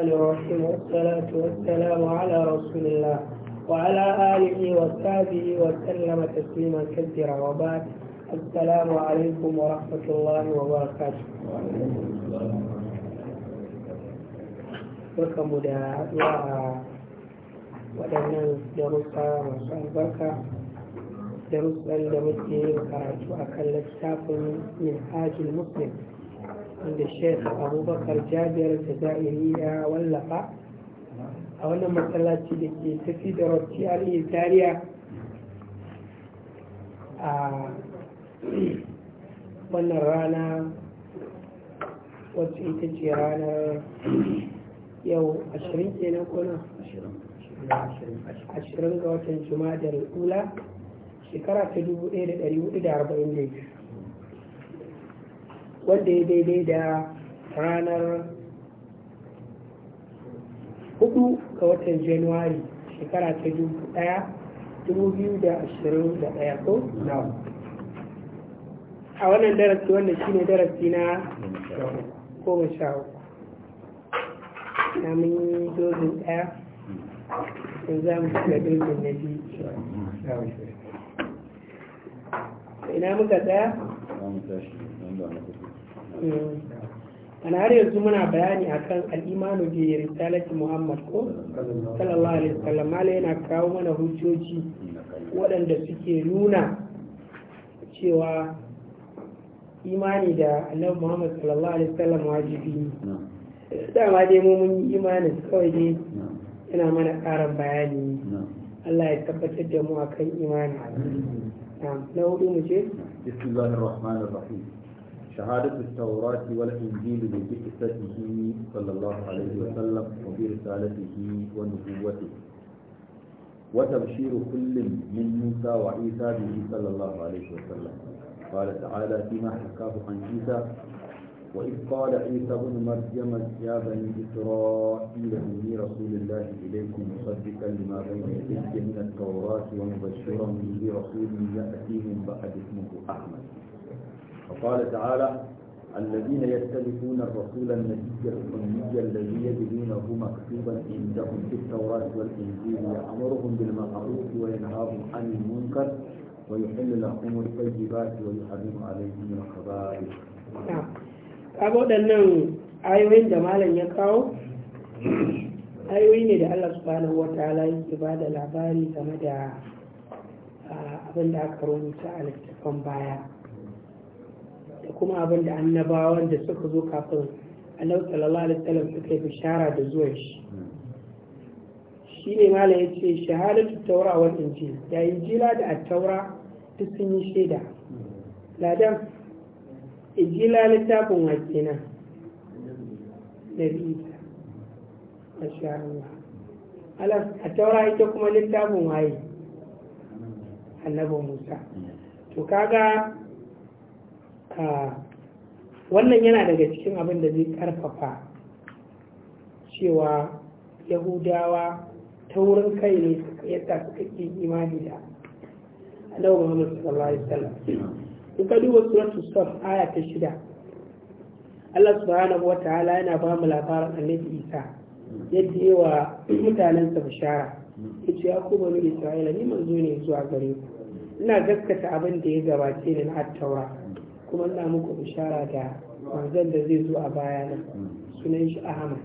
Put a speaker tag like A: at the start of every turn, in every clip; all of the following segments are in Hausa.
A: الرحيم والصلاة والسلام على رسول الله وعلى آله وصحبه وسلم تسليما كثيرا وبعد السلام عليكم ورحمة الله وبركاته. وعليكم
B: السلام ورحمة الله
A: وبركاته. بكم ودا ودا دروسا دروس ان دمتي وكاراتو اكل الشاب من حاج المسلم. wanda sheikh abubakar jabiyar da za'iri ya wallafa a wannan matsalaci da ke tafi da rotti aliyu tariya a wannan rana wacce ita ce ranar yau ashirin kenan kuna ashirin ga watan juma'a da ula shekara ta dubu ɗaya da da ɗari arba'in biyu. wanda ya daidai da ranar 4 ga watan januwari shekara ta dubu daya dubu biyu da ashirin da daya ko na a wannan darasi wannan shine darasi na goma sha uku na mun yi dozin daya yanzu za mu shiga dozin na biyu ina muka tsaya? Eh. ana har yanzu muna bayani akan al'imanu bi risalati muhammad ko sallallahu alaihi wasallam mala yana kawo mana hujjoji waɗanda suke nuna cewa imani da annabi muhammad sallallahu alaihi wasallam wajibi ne dama dai mu mun yi imanin kawai dai yana mana ƙarin bayani Allah ya tabbatar da mu akan imani na hudu mu ce
C: bismillahir rahmanir rahim شهادة التوراة والإنجيل بقصته صلى الله عليه وسلم وبرسالته ونبوته وتبشير كل من موسى وعيسى به صلى الله عليه وسلم قال تعالى فيما حكاه عن عيسى وإذ قال عيسى بن مريم يا بني إسرائيل إني رسول الله إليكم مصدقا لما بين يديه من التوراة ومبشرا برسول يأتي من بعد اسمه أحمد وقال تعالى الذين يتبعون الرسول النبي الأمي الذي يجدونه مكتوبا عندهم في التوراة والإنجيل يأمرهم بالمعروف وينهاهم عن المنكر ويحل لهم الطيبات ويحرم عليهم الخبائث.
A: نعم. waɗannan ayoyin da malam ya kawo اي ne da الله سبحانه وتعالى ta'ala yake ba da labari game da da kuma abin da annabawan da suka zo kafin Allah sallallahu alaihi wasallam suka yi bishara da zuwa shi shi ne malam ya ce shahadatu taura wal injil ya injila da taura duk sun yi shaida ladan injila littafin wake na nabi na masha Allah taura ita kuma littafin waye annabi musa to kaga wannan yana daga cikin abin da zai karfafa cewa yahudawa ta wurin kai ne yadda suka ke imani da annabi Muhammad sallallahu alaihi wasallam in ka duba suratu saf aya ta shida Allah subhanahu wa ta'ala yana ba mu labarin annabi Isa yadda yawa mutanensa bishara yace ya ku bani Isra'ila ni manzo ne zuwa gare ku ina gaskata abin da ya gabace ni na at kuma ina muku bishara da manzon da zai zo a nan sunan shi ahmad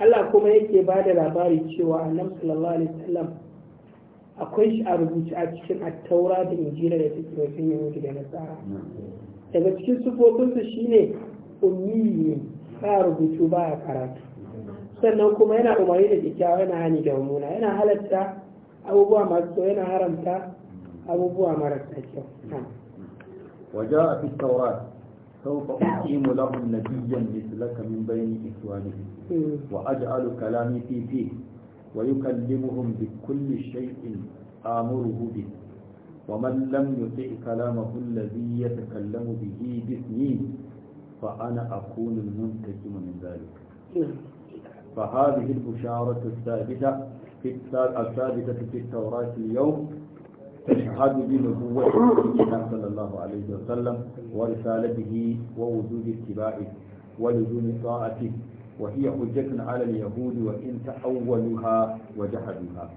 A: Allah kuma yake ba da labari cewa annabi sallallahu alaihi wasallam akwai shi a rubuce a cikin attaura da injila da take wajen yahudi da nasara daga cikin sufofinsa shine ummi ba rubutu ba ya karatu sannan kuma yana umarni da kyakkyawa yana hani da mummuna yana halatta abubuwa masu yana haramta abubuwa
C: a fi taura, sau ba ku ke mu lahun biyan ne su laka min bayani isuwa ne. Hmm. Wa aji alu kalami fifi, wa yi kallimu hun kulli shai'in amuru hubi. Wa man lam yuti kalama hun lazi ya ta kallamu bi yi bisni, fa ana a kunin ta kima min zalika. Hmm. Fa hadi shawarar ta sabita, ta yau تشهد بنبوة نبينا صلى الله عليه وسلم ورسالته ووجود اتباعه ولزوم طاعته وهي حجة على اليهود وإن تأولوها وجحدوها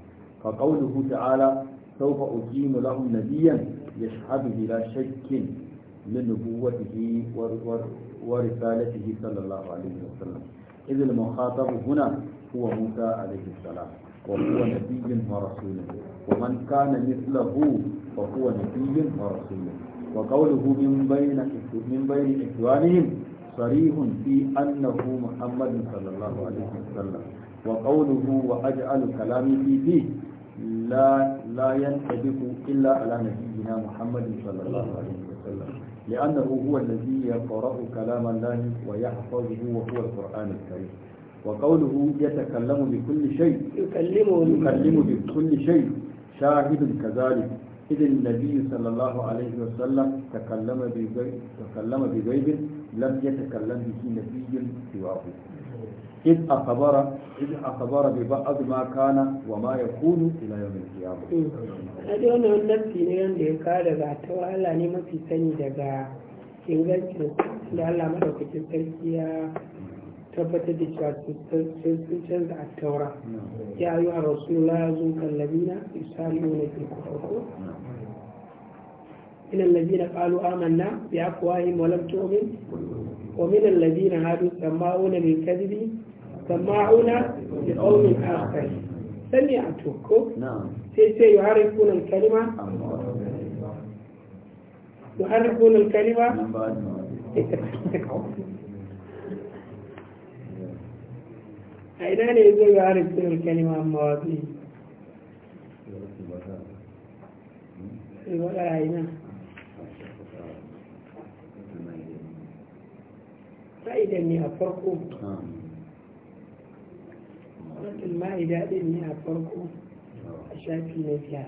C: فقوله تعالى سوف أقيم لهم نبيا يشهد بلا شك لنبوته ورسالته صلى الله عليه وسلم إذ المخاطب هنا هو موسى عليه السلام وهو نبي ورسول ومن كان مثله فهو نبي ورسول وقوله من بين من بين إخوانهم صريح في أنه محمد صلى الله عليه وسلم وقوله وأجعل كلامي في فيه لا لا ينطبق إلا على نبينا محمد صلى الله عليه وسلم لأنه هو الذي يقرأ كلام الله ويحفظه وهو القرآن الكريم وقوله يتكلم بكل شيء يكلمه يكلم بكل شيء شاهد كذلك إذ النبي صلى الله عليه وسلم تكلم بغيب تكلم بغيب لم يتكلم به نبي سواه إذ أخبر إذ أخبر ببعض ما كان وما يكون إلى يوم القيامة.
A: هذه أنا النبي نعم قال بعد وهلا نمت في سني دقا إن قلت لعل ما لو كنت ثبت da cewa sun canza a taura ya yi a rasulullah ya zo من الذين قالوا آمنا بأفواههم ولم تؤمن ومن الذين هادوا سماعون للكذب سماعون لقوم آخر سمعتكم نعم. سيعرفون الكلمة يعرفون الكلمة a ina ne zai ga harafin kalima amma wafi fa'ida ne a farko wata ma'ida ɗin ne a farko a shafi na biya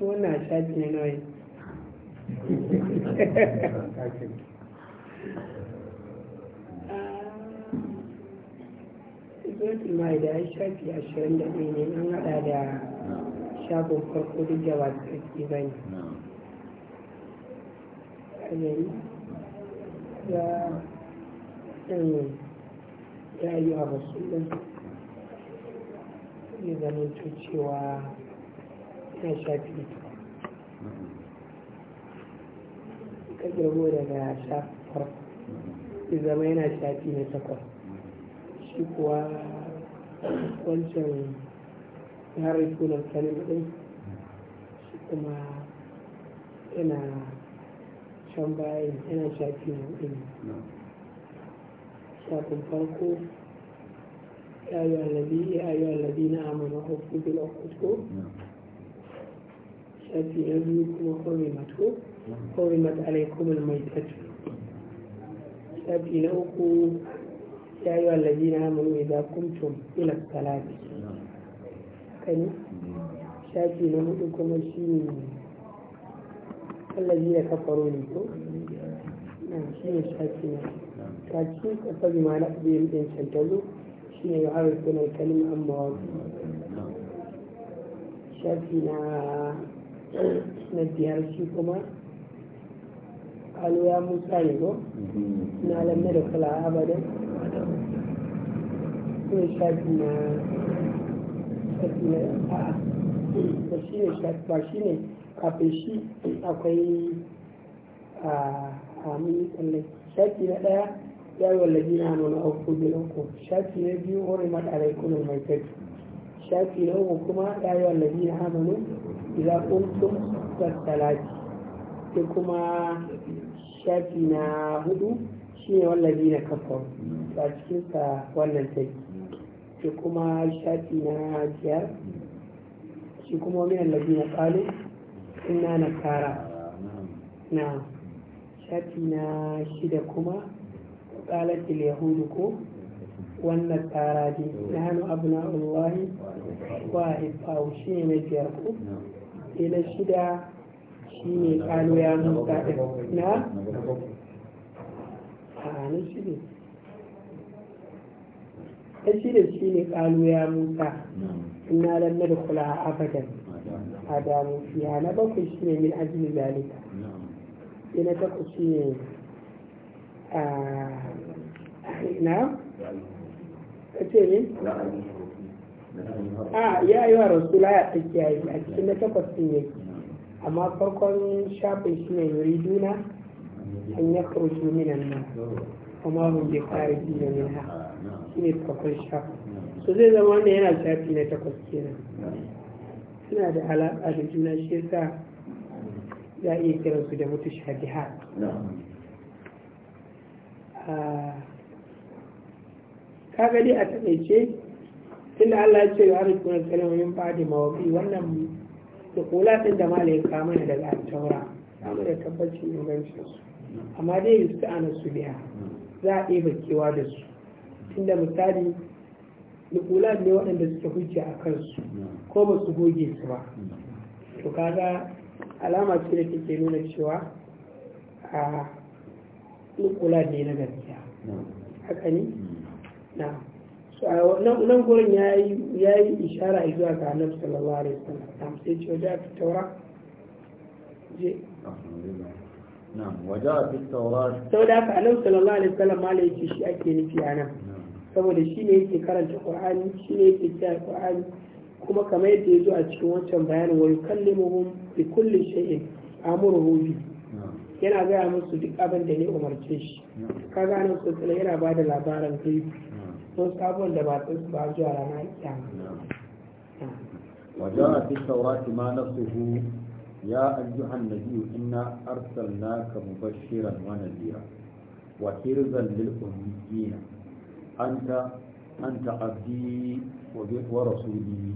A: wannan shafi na nawa suratul eh, ma'ida ya shafi ashirin da ɗaya ne an haɗa da shafin farko duk da ba tsarki ba ne ya ɗan ya yi a rasulun ya zama cewa ya shafi ita ka girbo daga shafi takwas ya zama yana shafi na takwas shi kuwa wancan yare sunan kanin din, shi kuma yana can bayan yana shafi na ɗin shafin farko ya yi wallabi ya yi wallabi na amana hukun bil okusko shafi na biyu kuma kawai mato kawai mata alaikumul mai tattu السبع لأقوم يا أيها الذين آمنوا إذا كنتم إلى الصلاة كان شاكي نمتكم الشيء الذين كفروا لكم نعم شيء شاكي شاكي كفر بما نقضي من إنسان تلو شيء يعرفون الكلمة عن بعض شاكي نعم نديها لشيكم نعم قالوا يا موسى يقول إنا لم ندخل أبدا وشاكنا شاكنا آه وشيني شاك كابيشي أكوي آمين اللي شاكنا لا يا أيها الذين آمنوا أوفوا بالعقود شاكنا بيو غرمت عليكم الميتة شاكنا وكما يا الذين آمنوا إذا قمتم بالصلاة كما shafi na hudu shi ne wallabi na kafar mm. a cikinsa wannan take mm. shi kuma shafi na biyar shi kuma wani wallabi na kalu ina na kara mm. na shafi na shida kuma ƙalatil yahudu ko wannan tsara ne na hannu abu na allahi wa ifawu shi ne na biyar ko sai shida شيء قالوا يا موسى إسنا نعم إيش اللي إيش اللي قالوا يا موسى إنا لن ندخلها أبدا أدام نعم. فيها نبقى شيء من أجل ذلك نعم. إن تقول شيء آه، نعم
B: أتيني آه يا
A: أيها الرسول لا تكيئي إن تقول شيء amma farkon shafin shi ne yuriduna an ya kursu minan nan kuma hun bi khariji da minha shi ne farkon shafin so zai zama wanda yana shafi na takwas kenan suna da alaƙa da juna shi yasa za a iya kiransu da mutu shabihat ah, Ka gani a taƙaice tunda Allah ya ce wa arzikin wani ba da mawabi wannan da kula ɗin da ma ya kama ne daga taura samu da tabbacin ingancin su amma dai yi su ana su biya za a ɗaya bakiwa da su tunda misali lukula ne waɗanda suke hujja a kansu ko ba su goge su ba to kaga alama ce da take nuna cewa a ne na gaskiya haka ne na nan gurin ya yi ishara zuwa ga annabi sallallahu alaihi wasallam sai ce wajen a taura je wajen a taura sau da aka annabi sallallahu alaihi wasallam ma laifi shi ake nufi a nan saboda shi ne yake karanta qur'ani shi ne yake kiyaye qur'ani kuma kamar yadda ya zo a cikin wancan bayanin wa yukallimuhum bi kulli shay'in amuruhu bi yana gaya musu duk abin da ne umarce shi kaga nan sosai yana ba da labaran gaibi wasu abubuwan da ba su ba zuwa ranar kiyama
C: وجاء في التوراة ما نصه يا أيها النبي إنا أرسلناك مبشرا ونذيرا وكرزا للأميين أنت أنت عبدي ورسولي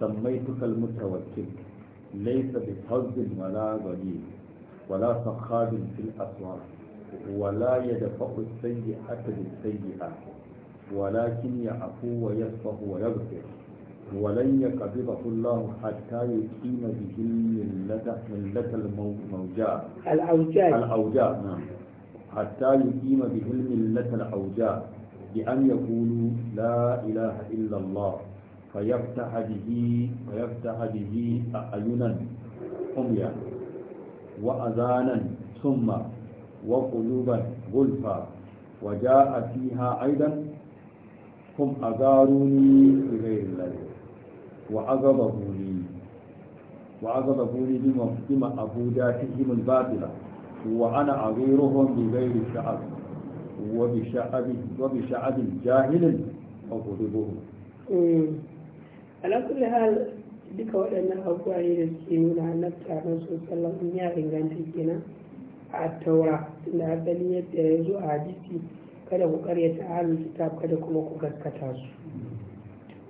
C: سميتك المتوكل ليس بحظ ولا غليل ولا صخاب في الأسواق ولا يدفع السيئة بالسيئة ولكن يعفو ويصفح ويغفر ولن يقبضه الله حتى يقيم به الملة ملة الموجاء الأوجاء الأوجاء نعم حتى يقيم به الملة الأوجاء بأن يقولوا لا إله إلا الله فيفتح به فيفتح به أعينا حميا وأذانا ثم وقلوبا غلفا وجاء فيها أيضا hum azaruni bi ghairi Allah wa azabuni wa azabuni bima bima abudatihim al-batila wa ana aghiruhum bi ghairi sha'ab wa
A: hal duka waɗannan abubuwa da suke nuna annabta na su sallan ya inganta gina a taura da asali yadda ya zo a hadisi kada ku karyata ahlul kitab kada kuma ku gaskata su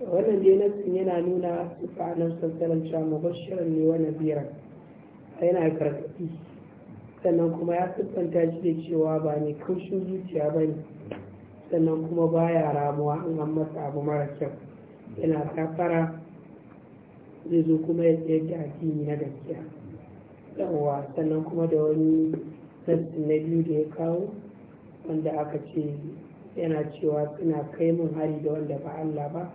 A: wannan dai nassin yana nuna sifa nan sassanin cewa mubashiran ne wa naziran yana gargaɗi sannan kuma ya siffanta shi da cewa ba ne kaushin zuciya ba ne sannan kuma baya ramuwa an an masa abu mara kyau yana kafara zai zo kuma ya tsayar da addini na gaskiya yawwa sannan kuma da wani nassin na biyu da ya kawo wanda aka ce yana cewa suna kai mun hari da wanda ba Allah ba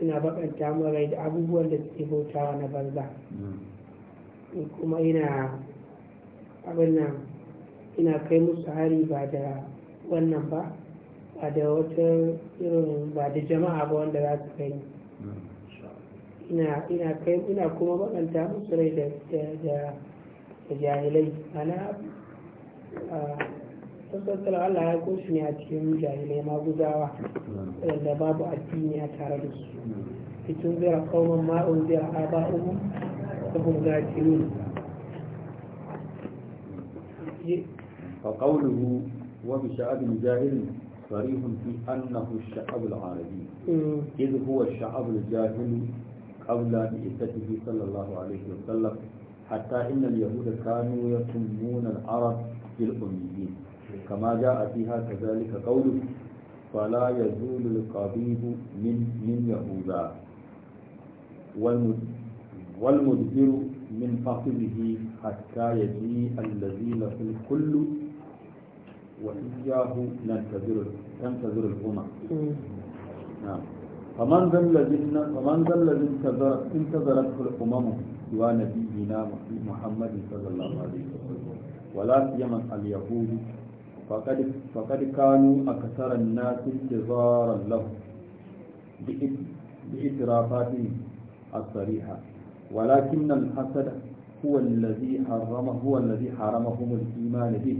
A: suna bakanta mun rai da abubuwan da suke bautawa na banza
B: hmm.
A: kuma ina abin nan ina kai musu hari ba da wannan ba ba da wata irin ba da jama'a ba wanda za su kai hmm. ina ina kai ina kuma bakanta musu rai da jahilai ana ah, sassan Allah ya kunshi
C: فقوله وبشعب جاهل صريح في أنه الشعب العربي إذ هو الشعب الجاهل قبل بعثته صلى الله عليه وسلم حتى إن اليهود كانوا يسمون العرب بالأميين kama ja a fiha kazalika qawlu fala yazulu al-qabihu min min yahuda wal wal mudbiru min faqdihi hatta yaji allazi lahu al-kullu فمن ذا الذي فمن ذا الذي انتظر انتظرته الامم سوى نبينا محمد صلى الله عليه وسلم ولا سيما اليهود faƙad kanu a kasarar nasu ke zarar lahu bi itirafatin asariha walakin nan hasada هو الذي حرم هو الذي حرمهم الإيمان به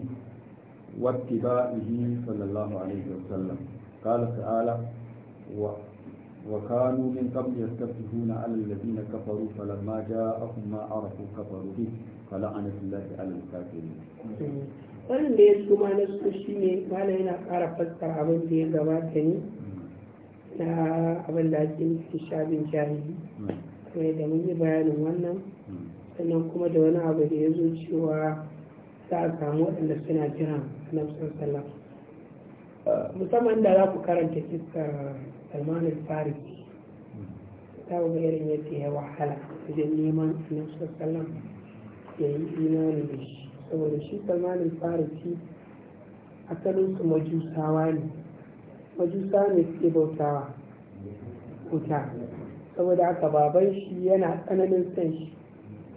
C: واتباعه صلى الله عليه وسلم قال تعالى وكانوا من قبل يستفتحون على الذين كفروا فلما جاءهم ما عرفوا كفروا به فلعنة الله على الكافرين
A: wannan da ya kuma na su shi ne mana yana ƙara fassara abin da ya gabata ne na abin da ake nufi shabin jahili kuma da mun yi bayanin wannan sannan kuma da wani abu da ya zo cewa za a samu waɗanda suna jiran annabtan sallah musamman da za ku karanta fiskar salman al ta ga irin yadda ya wahala wajen neman annabtan sallah ya yi imanin da shi saboda shi salmanin farisi su majusawa ne majusawa ne suke bautawa wuta saboda haka baban shi yana tsananin san shi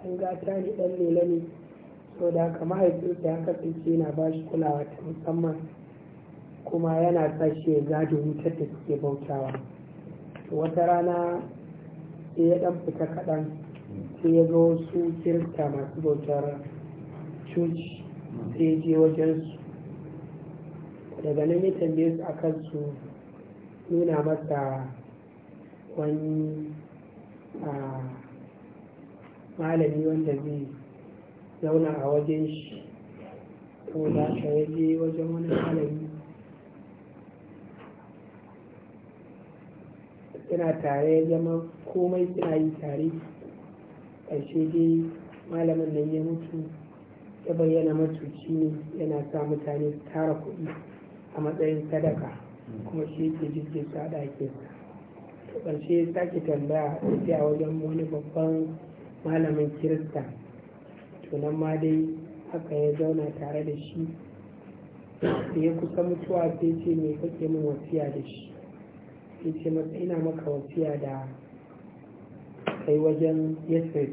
A: ɗan gata ne dan lela ne saboda haka mahaifinsa ya kasance yana ba shi kulawa ta musamman kuma yana sa shi ya gado wutar da suke bautawa wata rana sai ya ɗan fita kaɗan sai ya ga wasu kirista masu bautar coci sai je wajensu daga nan ya tambaye su kan su nuna masa wani malami wanda zai zauna a wajen shi za ka ya je wajen wani malami suna tare zama komai suna yi tare ƙarshe dai malamin nan ya mutu ya bayyana matuci ne yana sa mutane su tara kuɗi a matsayin sadaka kuma shi yake jirgin su a ta ƙarshe ya sake tambaya ya a wajen wani babban malamin kirista tunan ma dai haka ya zauna tare da shi da ya kusa mutuwa sai ce mai kake min wasiya da shi sai ce masa ina maka wasiya da kai wajen yasir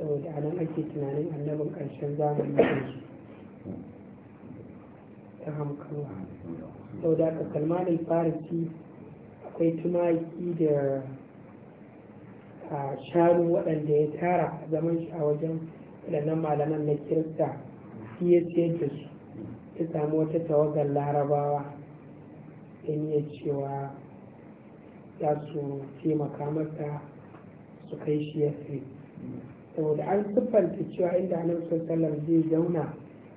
A: saboda anan ake tunanin annabin ƙarshen zamani da shi ta hamkarwa saboda haka kalmalin farisi akwai tumaki da shanu waɗanda ya tara zaman shi a wajen waɗannan malaman na kirista shi ya ce da su ya samu wata tawagar larabawa in ya cewa ya su taimaka masa su kai shi ya fi saboda an siffanta cewa inda annabi sallallahu alaihi zai zauna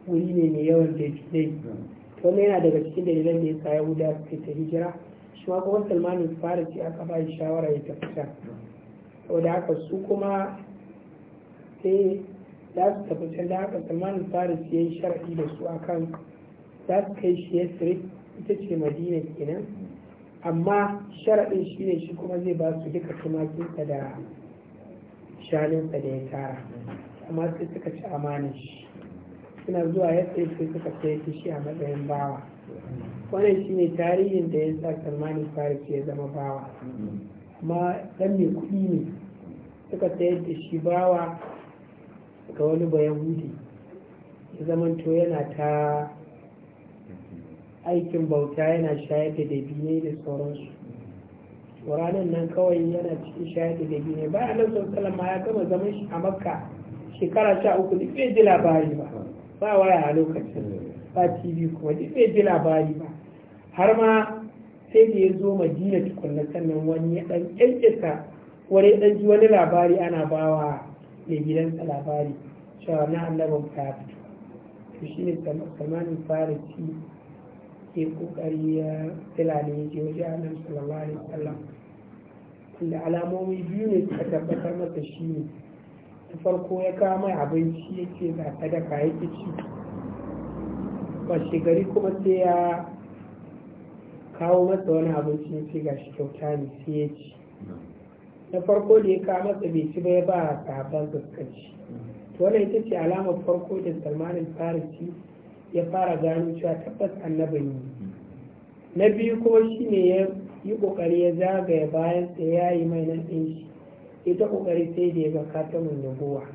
A: wuri ne mai yawan daidai wannan yana daga cikin dalilan da ya sa yahuda suka ta hijira shi ma kuma salmanin fara ce aka ba shawara ya tafi can saboda haka su kuma sai za su tafi can da haka salmanin fara ce ya yi sharaɗi da su akan za su kai shi ya ita ce madina kenan amma sharaɗin shi ne shi kuma zai ba su duka tumakinsa da shanunsa da ya tara amma sai suka ci amani shi suna zuwa ya tsaye sai suka ta shi a matsayin bawa wannan shi ne tarihin da ya sa salmanin farisi ya zama bawa amma dan mai kuɗi ne suka sayar da shi bawa ga wani bayan bayahudi ya zamanto yana ta aikin bauta yana shayar da dabinai da sauransu ranar nan kawai yana cikin shahidi da biyu ne bayan nan sun kalama ya gama zaman shi a makka shekara sha uku duk bai ji labari ba ba waya a lokacin ba tv kuma duk bai ji labari ba har ma sai da ya zo madina tukunna sannan wani ya dan kyankyasa wani dan ji wani labari ana bawa mai gidansa labari cewa na annabin ka fito to shine fara ci. ya kokari ya tsila da ya je wajen annabi sallallahu alaihi wasallam da alamomi biyu ne suka tabbatar masa shi ne ta farko ya kawo mai abinci ya ce ga sadaka ya ke ci ba shigari kuma sai ya kawo masa wani abinci ya ce ga shi kyauta ne sai ya ci na farko da ya kawo masa bai ci ba ya ba sahabban suka ci to wannan ita ce alamar farko da salmanin farisi ya fara gano cewa tabbas annabi ne na biyu kuma shine ya yi kokari ya zagaya bayan sa ya yi mai nan ɗin shi ita kokari sai da ya ga nabuwa nubuwa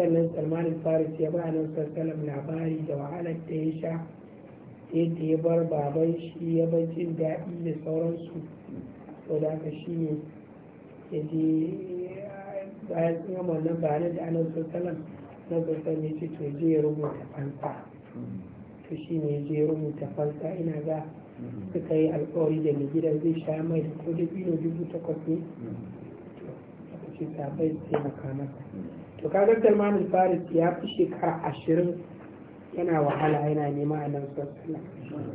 A: sannan salmanin faris ya ba nan sassalam labari da wahalar da ya sha yadda ya bar baban shi ya bar jin daɗi da sauransu to da aka shi ne ya je bayan sun gama wannan bayanan da anan sassalam na sassan ya ce to je ya rubuta fansa to shi ne je rubuta fansa ina za su yi alkawari da mai gidan zai sha mai ko da biyu dubu takwas ne to ce sabai su taimaka masa to ka kaga salman faris ya fi shekara ashirin yana wahala yana nema a nan sosai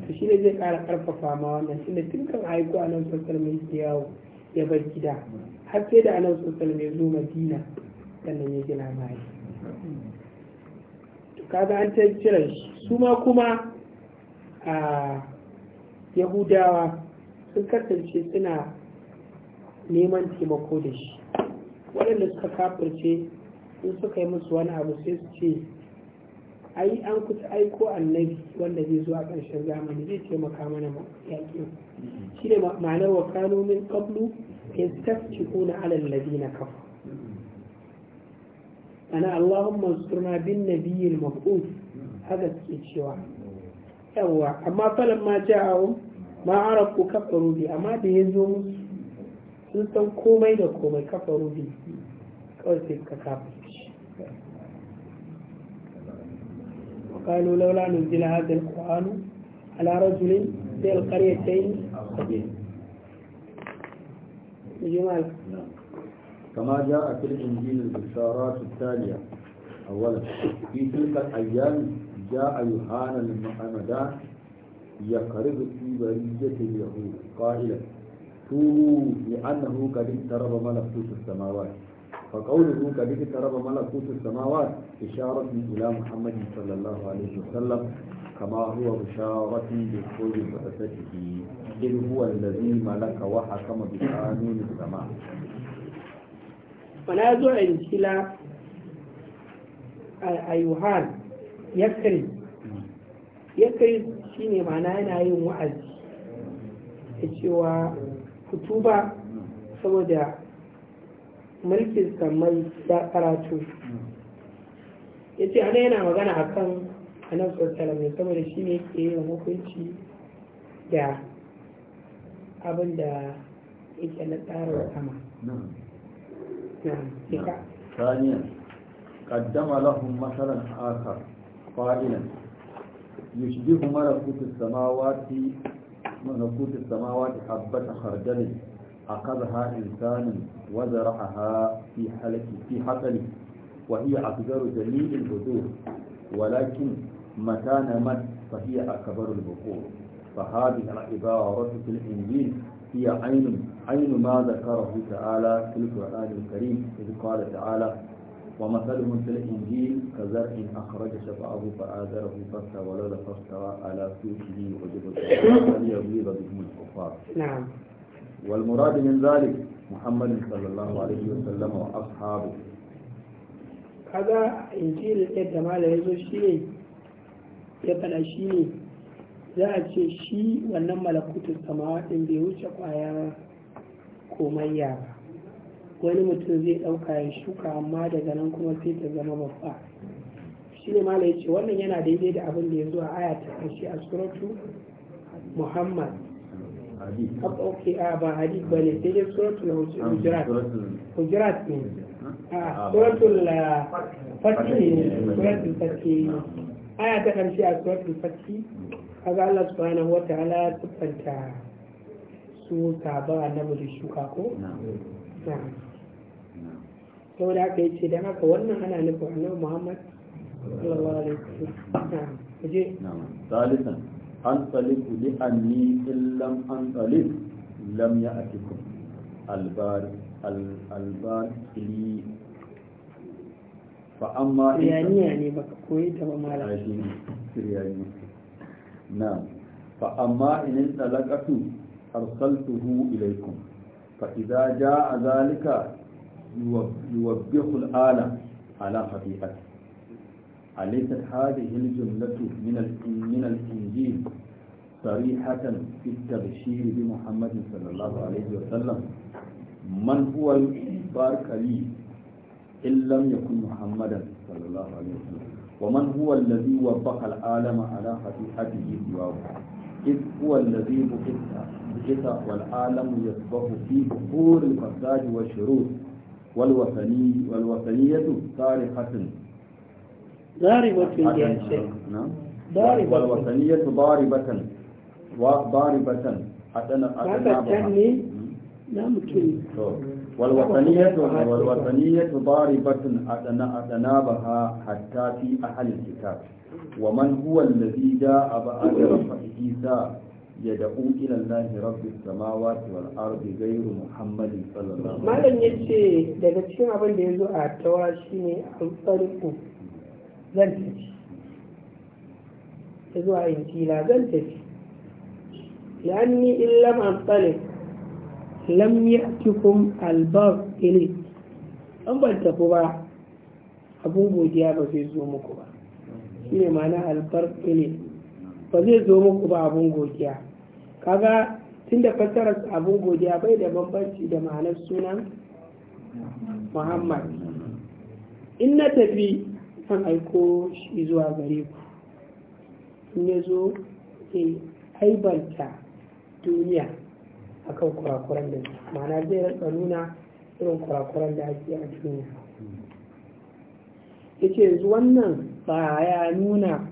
A: to shi ne zai kara karfafa ma wannan shi ne tun kan aiko a nan sosai mai yawo ya bar gida har sai da a nan sosai mai zo madina sannan ya gina mai kaga an ta kiran shi su ma kuma a yahudawa sun kasance suna neman taimako da shi waɗanda suka kafirce in suka yi musu wani abu sai su ce ai an kusa aiko annabi wanda zai zo a ƙarshen zamani zai taimaka mana yaƙi mm-hmm. shi ne ma'anar wa kano min tafci na alal ladina kafa. ana Allahumma surna bin nabiyil mab'ud haka suke cewa yawa amma falan ma ja'ahum ma arafu kafaru bi amma da ya zo musu sun san komai da komai kafaru bi kawai sai ka kafa وقالوا لولا نزل هذا القرآن على رجل ذي القريتين سبيل
C: جمال كما جاء في الإنجيل البشارات التالية أولا في تلك الأيام جاء يوحنا المعمدان يقرب في برية اليهود قائلا توبوا لأنه قد اقترب ملكوت السماوات فقوله قد اقترب ملكوت السماوات إشارة إلى محمد صلى الله عليه وسلم كما هو بشارة بدخول بعثته إذ هو الذي ملك وحكم بقانون السماء
A: ya zo a injila a yohan yakari yakari shi ne mana yana yin wa'azi da cewa kutuba saboda mulkin samai ya karatu ya ce ana yana magana a kan anan tsotsala saboda shi ne ke yin hukunci da abin da yake na tsarin sama
C: ثانيا قدم لهم مثلا آخر قائلا يشبه ملكوت السماوات ملكوت السماوات حبة خردل أخذها إنسان وزرعها في حلك في حقله وهي أكبر جميع البذور ولكن مكان من فهي أكبر البقور فهذه العبارة في الإنجيل هي عين عين ما ذكره تعالى في القرآن الكريم إذ قال تعالى ومثلهم في الإنجيل كزرع أخرج شفعه فآذره فاستولد فاستوى على سوقه وجب فليغيظ بهم الكفار نعم والمراد من ذلك محمد صلى الله عليه وسلم وأصحابه
A: هذا إنجيل يتمال يزوج شيء يتنى شيء za a ce shi wannan malakutun sama ɗin bai wuce kwaya komayya ba wani mutum zai ɗauka ya shuka amma daga nan kuma sai ta zama babba shi ne mala ya ce wannan yana daidai da abin da ya zuwa, a aya ta ƙarshe a suratu muhammad ok a ba hadith ba ne sai dai na hujurat hujurat ne a ah, la ah, fatih ne suratu fatih aya ta ƙarshe a suratu fatih kaga Allah subhanahu wa ta'ala ya su su ba annabi da shuka ko na'am saboda haka ce dan haka wannan ana nufin annabi Muhammad sallallahu alaihi wasallam na'am je
C: na'am salisan an saliku li anni illam an salif lam ya'tikum albar albar li fa amma yani yani
A: baka koyi ta ba malam
C: na'am fa amma in talaqatu arsaltuhu ilaykum fa idza jaa zalika yuwabbihu al'ala ala haqiqati alaysat hadhihi al-jumlatu min al-min al-injil صريحة في التبشير بمحمد صلى الله عليه وسلم من هو البارك لي إن لم يكن محمدا صلى الله عليه وسلم ومن هو الذي وفق العالم على حقيقته سواه إذ هو الذي بقيت بقيت والعالم يصبح في بحور الفساد والشرور والوثني والوثنية صارخة ضاربة يا شيخ نعم ضاربة والوثنية ضاربة ضاربة أتنا أتنا
A: نعم كلمة والوطنية
C: والوطنية ضاربة بها حتى في أهل الكتاب ومن هو الذي جاء بعد رفع عيسى يدعو إلى الله رب السماوات والأرض غير محمد صلى الله عليه وسلم ما لن
A: يجي daga cikin abin da yazo a tawa shine alfarqu zan tafi yazo a injila zan tafi lanni illam antalaq lam ya'tikum albar ilay an ban tafi ba abun godiya ba zai zo muku ba shi ne ma'ana albar ilay ba zai zo muku ba abun godiya kaga tun da fassarar abun godiya bai da bambanci da ma'anar sunan muhammad in na tafi kan aiko shi zuwa gare ku in ya zo aibanta duniya akan kurakuran da ma'ana zai rasa nuna irin kurakuran da ake a duniya yace yanzu wannan ba ya nuna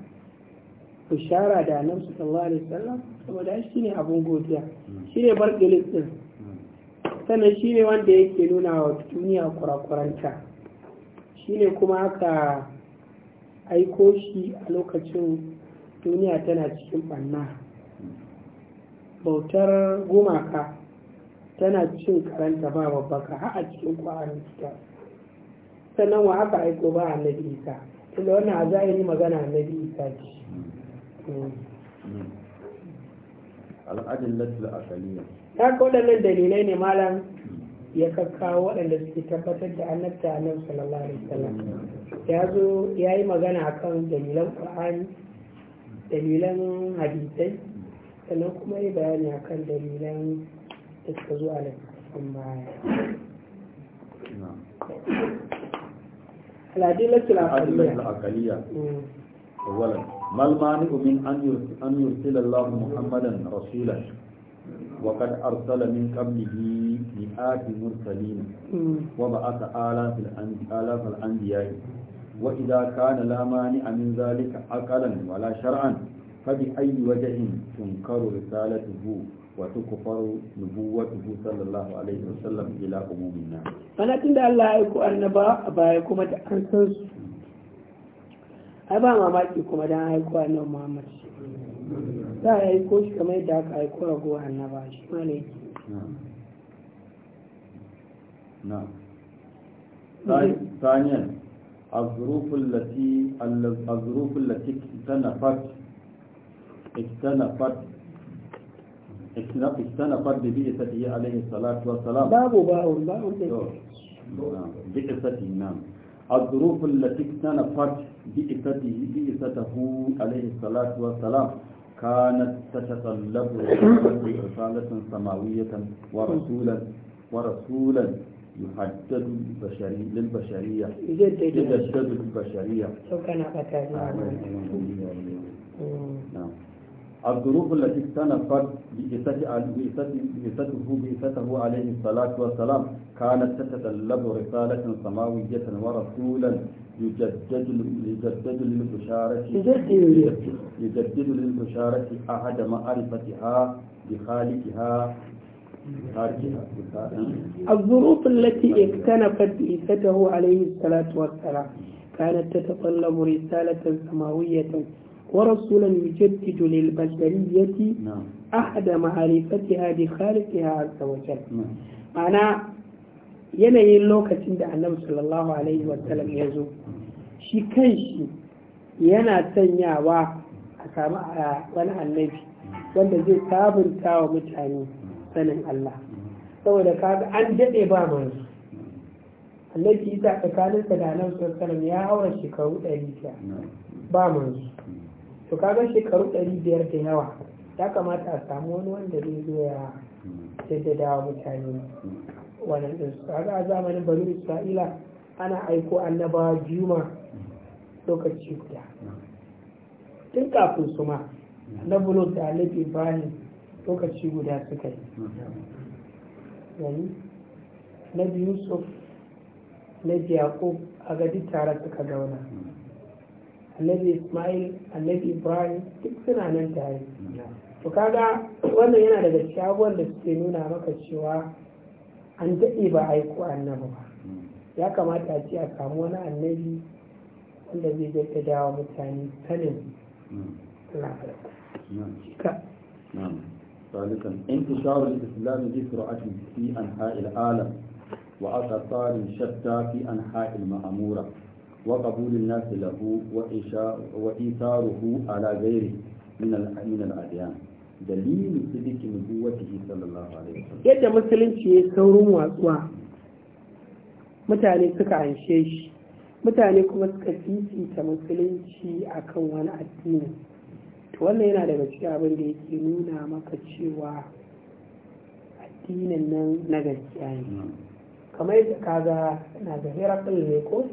A: bishara da annabi sallallahu alaihi wasallam saboda shi ne abun godiya shi ne barkilis din sannan shi ne wanda yake nuna wa duniya kurakuranta shi ne kuma aka aiko shi a lokacin duniya tana cikin ɓanna bautar gumaka tana cin karanta ba babbaka har a cikin ƙwarin cuta sannan wa aka aiko ba a nabi isa tunda wannan a zahiri magana a nabi isa ce
C: al'adin latul
B: asaliya
A: ta waɗannan dalilai ne malam ya kakkawo waɗanda suke tabbatar da annabta annabi sallallahu alaihi wasallam ya zo ya yi magana akan dalilan qur'ani dalilan hadisai sannan kuma yi bayani a kan dalilan da suka zo a littattafan baya الأدلة العقلية
C: أولا ما المانع من أن يرسل الله محمدا رسولا وقد أرسل من قبله مئات مرسلين وبعث آلاف الأنبياء الأنبياء وإذا كان لا مانع من ذلك عقلا ولا شرعا fabi ayi wajahin tunkaru risalatuhu wa tukfaru nubuwatuhu sallallahu alaihi wasallam ila umumin nas
A: ana tunda Allah ya annaba a baya kuma da an san su ai ba mamaki kuma dan aiko annabi Muhammad za a aiko shi kamar yadda aka aiko ragowar annaba shi ma ne
B: نعم
C: ثانيا الظروف التي الظروف التي اختلفت اختلفت ببعثته عليه الصلاة والسلام
A: باب باء باء
C: نعم. بعثته نعم الظروف التي اختلفت بإثته بإثته عليه الصلاة والسلام كانت تتطلب رسالة سماوية ورسولا ورسولا يحدد البشري للبشرية يجدد البشرية سو كان نعم الظروف التي اكتنفت بإسته بإسته عليه الصلاة والسلام كانت تتطلب رسالة سماوية ورسولا يجدد يجدد للبشارة يجدد للبشارة أحد معرفتها بخالقها
A: الظروف التي اكتنفت بإسته عليه الصلاة والسلام كانت تتطلب رسالة سماوية ورسولا يجدد للبشرية أحد معرفتها بخالقها عز وجل معنى yanayin lokacin da annabi sallallahu alaihi wasallam ya zo shi kanshi yana sanyawa a samu wani annabi wanda zai sabunta wa mutane sanin Allah saboda kaga an daɗe ba manzo annabi isa tsakaninsa da annabi sallallahu ya haura shekaru ɗari ba manzo to kaga shekaru ɗari biyar da yawa ya kamata a samu wani wanda zai zo ya daidai dawa mutane wannan su a zamanin bari isra'ila ana aiko annabawa juma lokaci guda tun kafin su ma na bulo da alifin bani lokaci guda suka yi na yusuf na ko a gadi tare suka zauna annabi ismail annabi ibrahim duk suna nan tare to kaga wannan yana daga shagon da suke nuna maka cewa an daɗe ba aiko annabi ba ya kamata a ce a samu wani annabi wanda zai jaddada wa mutane sanin
C: نعم ثالثا انتشار الاسلام بسرعه في انحاء العالم واثار شتى في انحاء الماموره وقبول الناس له وإيثاره على غيره من من الأديان دليل صدق نبوته صلى الله عليه وسلم
A: yadda مسلم شيء saurin watsuwa mutane سكع anshe shi mutane kuma suka fifita musulunci akan wani wannan yana daga cikin abin da yake nuna maka cewa addinin nan na gaskiya ne kamar yadda kaga na da ne ko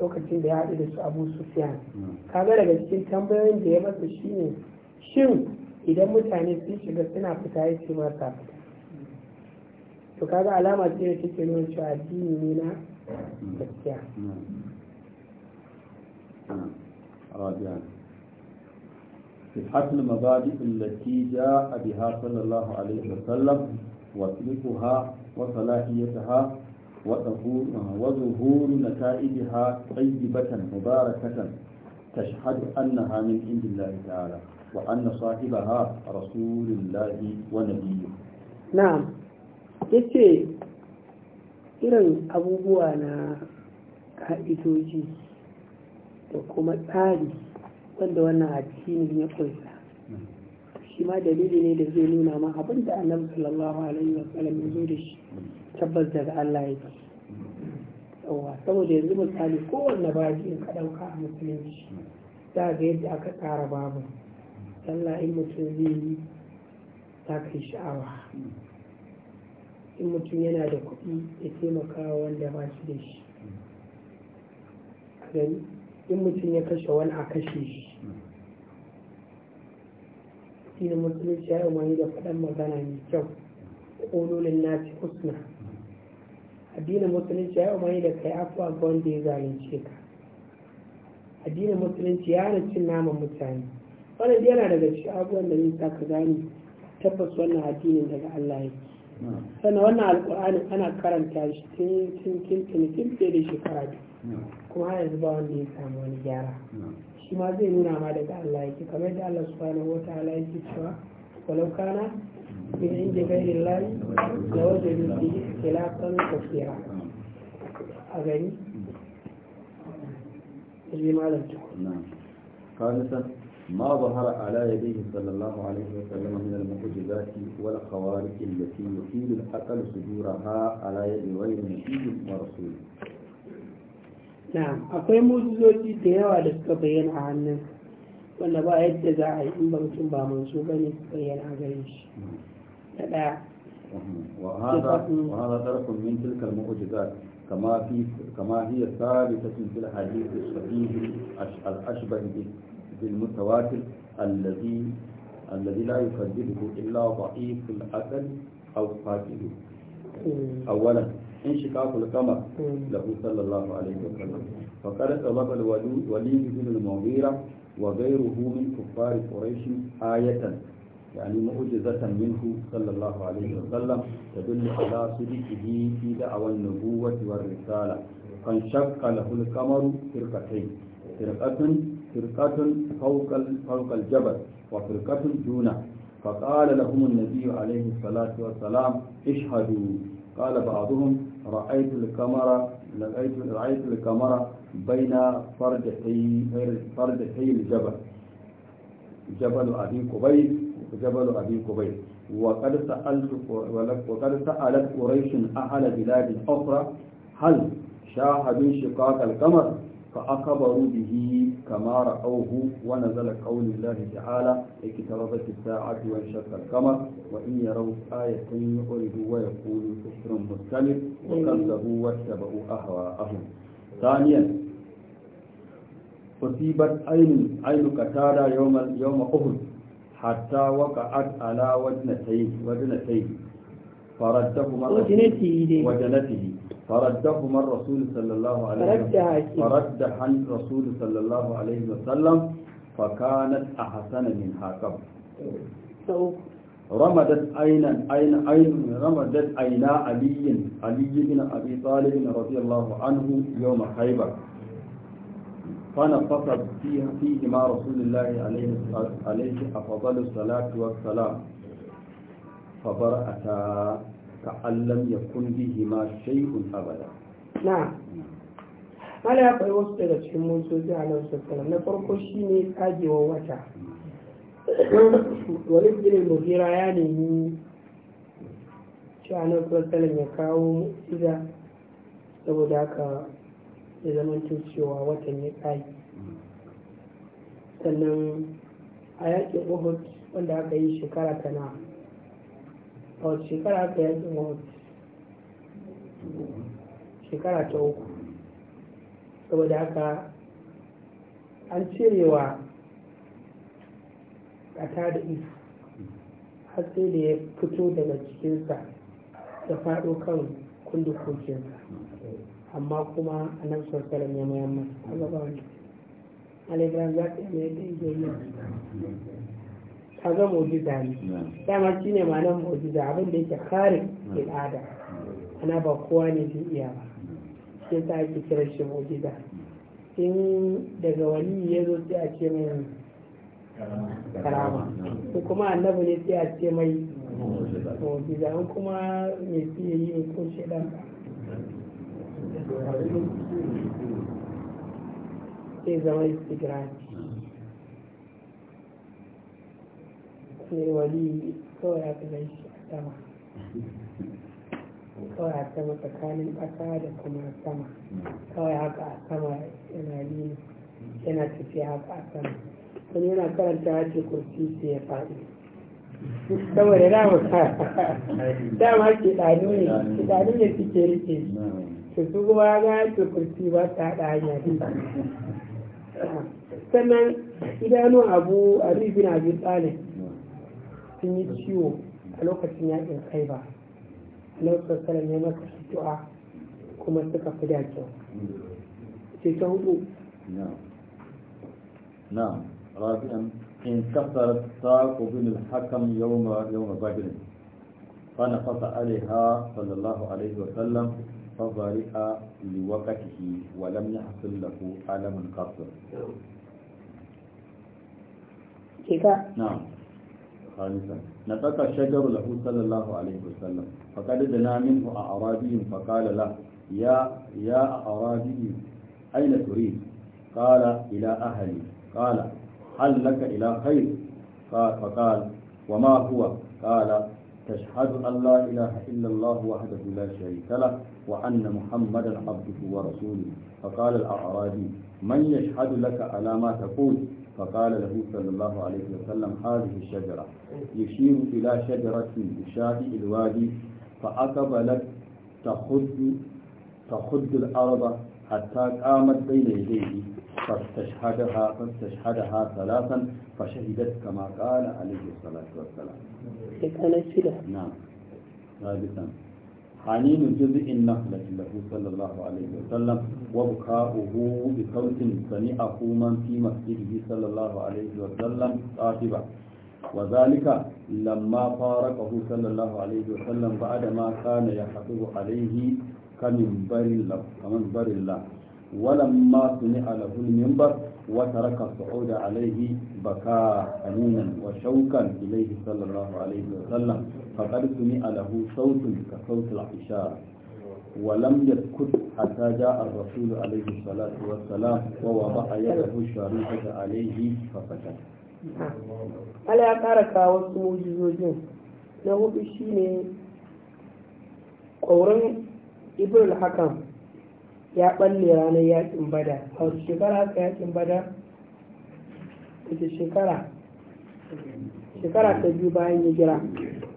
A: lokacin da ya haɗu da su abu sufiyan hmm. kaga daga cikin tambayoyin da ya masa shine shin idan mutane sun shiga suna fita ya ce fita to kaga alama ce da take nuna cewa addini ne na gaskiya
C: رابعا صحة المبادئ التي جاء بها صلى الله عليه وسلم وسلكها وصلاحيتها وظهور نتائجها طيبة مباركة تشهد أنها من عند الله تعالى وأن صاحبها رسول الله ونبيه
A: نعم yace irin abubuwa na ka'idoji da kuma tsari wanda wannan addinin ya ƙunsa shi ma dalili ne da zai nuna ma abin da annabi sallallahu alaihi wasallam ya zo da shi tabbas daga Allah ya ba yawa saboda yanzu misali kowanne baji in ka ɗauka a musulunci za ga yadda aka tsara babu sallah in mutum zai yi za ka yi sha'awa in mutum yana da kuɗi ya taimaka wanda ba shi da shi gani in mutum ya kashe wani a kashe shi shi ne musulunci ya umarni da faɗan magana mai kyau ƙololin nasi usna addinin musulunci ya umarni da kai afuwa ga wanda ya zalunce ka addinin musulunci ya hana cin naman mutane wannan yana daga cikin abubuwan da nisa ka gani tabbas wannan addinin daga Allah yake sannan wannan Alƙur'ani ana karanta shi tun tun tun tun tun da shekara biyu kuma har yanzu ba wanda ya samu wani gyara shi ma zai nuna ma daga Allah yake kamar da Allah subhanahu wa ta'ala yake cewa walau kana من عند غير الله لوجدوا فيه اختلافا كثيرا أغني
C: اللي ما لم تكن نعم خامسا ما ظهر على يديه صلى الله عليه وسلم من المعجزات والخوارق التي يحيل الحقل صدورها على يد غير نبي ورسول
A: نعم akwai mujizoji da yawa da suka bayyana a hannun wanda ba yadda za a yi in ba mutum ba mansu ba ne bayyana gare shi ta ɗaya
C: وهذا ترك من تلك المعجزات كما في كما هي ثابتة في الحديث الصحيح الأشبه بالمتواتر الذي الذي لا يكذبه إلا ضعيف العقل أو فاقده أولا انشقاق القمر له صلى الله عليه وسلم فقد طلب الوليد بن المغيرة وغيره من كفار قريش آية يعني معجزة منه صلى الله عليه وسلم تدل على صدقه في دعوى النبوة والرسالة فانشق له القمر فرقتين فرقة فرقة فوق فوق الجبل وفرقة دونه فقال لهم النبي عليه الصلاة والسلام اشهدوا قال بعضهم رأيت القمر رأيت رأيت القمر بين فرجتي فرجتي الجبل جبل أبي قبيس جبل أبي قبيل وقد سألت وقد سألت قريش أهل بلاد أخرى هل شاهدوا شقاق القمر فأخبروا به كما رأوه ونزل قول الله تعالى اقتربت الساعة وانشق القمر وإن يروا آية يعرضوا ويقولوا سحر مختلف وكذبوا واتبعوا أهواءهم ثانيا أصيبت عين عين قتادة يوم يوم أحد hatta waka an ala wajenatayi faradda kuma rasulu sallallahu alaihi wasallam fakanat a hasana min haka ramadan aina aliyu bin abi talibin radiyallahu anhu yau mahaibar فنفخ فيها فيهما رسول الله عليه عليه أفضل الصلاة والسلام فبرأتا كأن لم يكن بهما شيء أبدا
A: نعم ala ya faɗi wasu daga cikin munsoji a nan sassana na farko shi ne tsagewar wata wani jirin mugira ya nemi cewa nan ya kawo mu'iza saboda haka ya zama cewa watan ya kai sannan a yakin uhud wanda aka yi shekara tana a wata shekara aka yakin uhud shekara ta uku saboda haka an cirewa ƙata da isa har sai da ya fito daga cikinsa da faɗo kan kundin kokinsa amma kuma annabi sallallahu alaihi ya mayar masa kaga ba wani da za ka mai da Ta ga mu'jiza ne dama ne ma'anar mu'jiza abin da yake kare al'ada ana ba kowa ne zai iya ba shi ta ake kira shi mu'jiza in daga wani ya zo sai a ce mai
B: karama ko
A: kuma annabi ne sai a ce mai mu'jiza in kuma mai siya yi ko shaidan ba sai zama istigrati sai wali kawai aka gan shi a sama kawai a sama tsakanin ƙasa da kuma sama kawai haka a sama yana nuna yana tafiya haka a sama wani yana karanta ya ce sai ya faɗi saboda dama dama ke ɗanu ne ɗanu ne suke rike shi تسوغوا على تكرتي واتا آياتي سنة إذا أنو أبو أبي بن أبي طالب تنيتشيو ألو كتنيا إن خيبا ألو كتنيا إن خيبا ألو كتنيا إن خيبا كما تكفل يأتو تتهبو
C: نعم نعم رابعا إن كفر الساق بن الحكم يوم يوم بدر فنقص عليها صلى الله عليه وسلم فضرئ لوقته ولم يحصل له ألم قط كيف؟ نعم خالصا نطق الشجر له صلى الله عليه وسلم فقد دنا منه أعرابي فقال له يا يا أعرابي أين تريد؟ قال إلى أهلي قال هل لك إلى خير؟ قال فقال وما هو؟ قال تشهد أن لا إله إلا الله وحده لا شريك له وأن محمدا عبده ورسوله فقال الأعرابي من يشهد لك على ما تقول فقال له صلى الله عليه وسلم هذه الشجرة يشير إلى شجرة بشاهي الوادي فأقبلت تخد تخد الأرض حتى قامت بين يديه فاستشهدها فاستشهدها ثلاثا فشهدت كما قال عليه الصلاة والسلام نعم ثالثا حنين جزء النخلة له صلى الله عليه وسلم وبكاؤه بصوت سمعه من في مسجده صلى الله عليه وسلم قاطبا وذلك لما فارقه صلى الله عليه وسلم بعدما كان يحفظ عليه كمنبر الله كمنبر الله ولما صنع له المنبر وترك الصعود عليه بكى حنينا وشوقا إليه صلى الله عليه وسلم فقد سمع له صوت كصوت العشاء ولم يسكت حتى جاء الرسول عليه الصلاة والسلام ووضع يده الشريفة عليه فسكت
A: ألا يقارك واسمه جزوجين له بشيني قورن إبن الحكم ya balle ranar yakin bada a wasu shekara haka yakin bada ita shekara shekara ta biyu bayan ya jira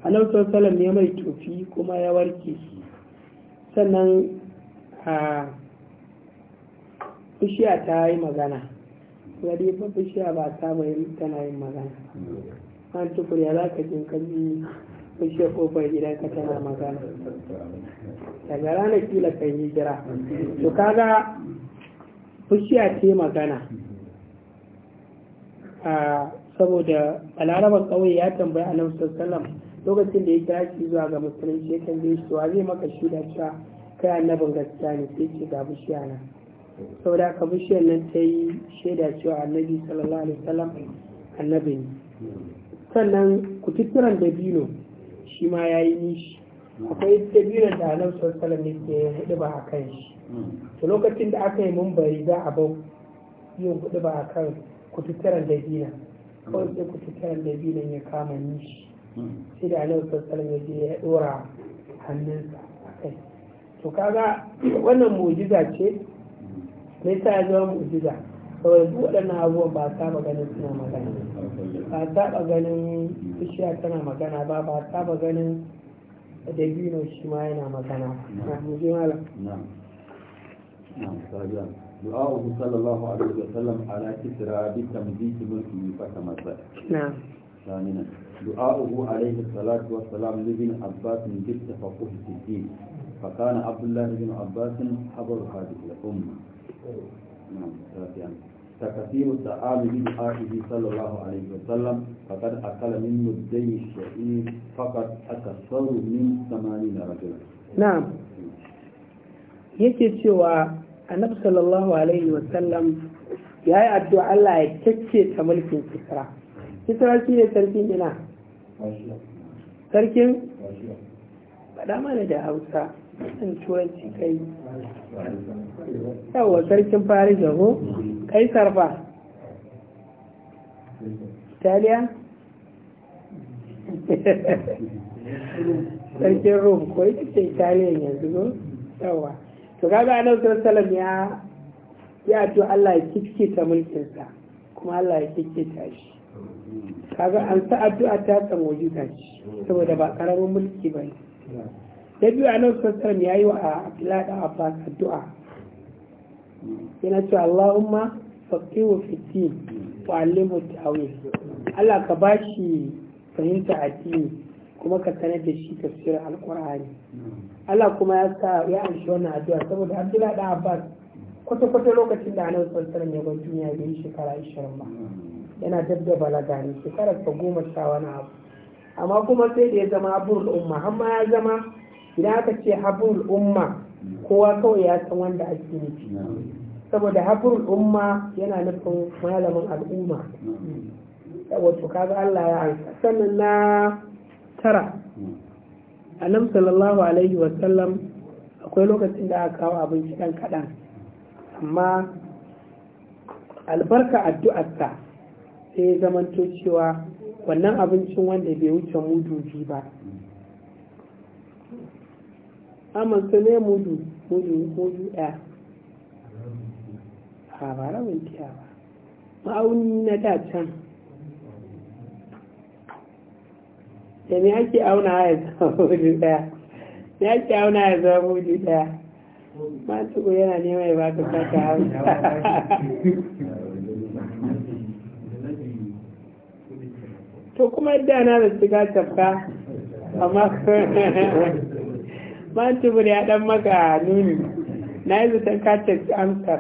A: a nan sosalam ya mai tofi kuma ya warke sannan a bishiya ta yi magana gari ba bishiya ba ta yin tana yin magana an tukuri ya za ka jin ko bishiyar gidan ka tana magana daga ranar kila yi hijira to kaga fushiya ce magana a saboda balaraban ƙauye ya tambaya a salam lokacin da ya kira shi zuwa ga musulunci ya zai shi wa zai maka shi da cewa kai annabin gaskiya ne sai ce ga bishiya na saboda aka bishiyar nan ta yi shaida cewa annabi sallallahu alaihi wasallam annabi ne sannan kututturan dabino shi ma ya yi nishi akwai kabilar da annabi sallallahu alaihi wasallam ke hudu ba a kan shi to lokacin da aka yi mumbari za a bau yin hudu ba a kan kututturan dabina kawai sai kututturan dabina ya kama nishi sai da annabi sallallahu alaihi wasallam ya dora hannunsa akai to kaga wannan mu'jiza ce me sa ya zama mu'jiza saboda duk waɗannan abubuwan ba saba ganin suna magana ba saba ganin bishiya tana magana ba ba saba ganin dabino shi ma yana magana mu je malam na'am
B: na'am
C: sabiya du'a'uhu sallallahu alaihi wa sallam ala kisra bi na'am عليه الصلاة والسلام لابن عباس بالتفقه في الدين فكان عبد الله بن عباس حبر هذه الأمة نعم تاسعا تكثير الدعاء بدعائه صلى الله عليه وسلم فقد أكل من مدي الشعير فقد أكثر من ثمانين رجلا
A: نعم yake cewa annabi sallallahu alaihi wasallam ya yi addu'a Allah ya cece ta mulkin kisra kisra shi ne sarkin ina sarkin faɗa mana da hausa in turanci kai yawa sarkin farisa ko kaisar ba italiya sarkin rom ko ita ce italiyan yanzu ko yawa to kaga annabi sallallahu alaihi ya ya to Allah ya kike ta mulkinsa kuma Allah ya kike ta shi kaga an ta addu'a ta samu wujuda ce saboda ba karamin mulki ba ne. da biyu a nan sassan ya yi wa abdullahi dan abbas addu'a yana cewa allahumma faqihu wa fiti wa allimhu ta'wil Allah ka bashi fahimta addini kuma ka sanar da shi al alqur'ani Allah kuma ya sa ya amshi wannan addu'a saboda abdullahi dan abbas kwata-kwata lokacin da annabi sallallahu ya bar ya yi shekara 20 ba yana dabda balaga ne shekarar ta goma sha wani abu amma kuma sai da ya zama abul umma amma ya zama idan aka ce habrul umma kowa kawai ya san wanda ake nufi saboda habrul umma yana nufin malamin al'umma wato kaga Allah ya aika sannan na tara annabi sallallahu alaihi wa sallam akwai lokacin da aka kawo abinci dan kadan amma albarka ta sai zamanto cewa wannan abincin wanda bai wuce mudu biyu ba ama sene mudu mudu mudu ɗaya ha ba ba na da can me ya zama mudu ɗaya auna ya zama mudu ɗaya ya baka saka hausa to kuma na da shiga amma man tubur ya dan maka nuni na yi zaton ka tafi amsar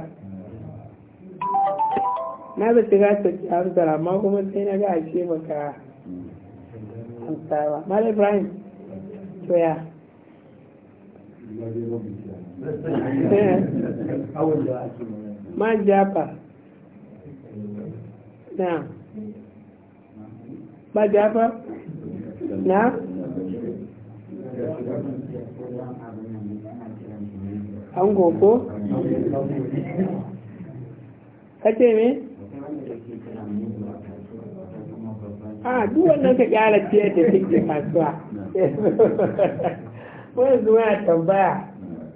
A: na zaci ka tafi amsar amma kuma sai na ga ce maka amsawa mal ibrahim to ya man jafa na ma jafa na an goko kace me
B: a ah, duk wannan ka kyara ciyar da cikin kasuwa
A: wani zuwa ya tambaya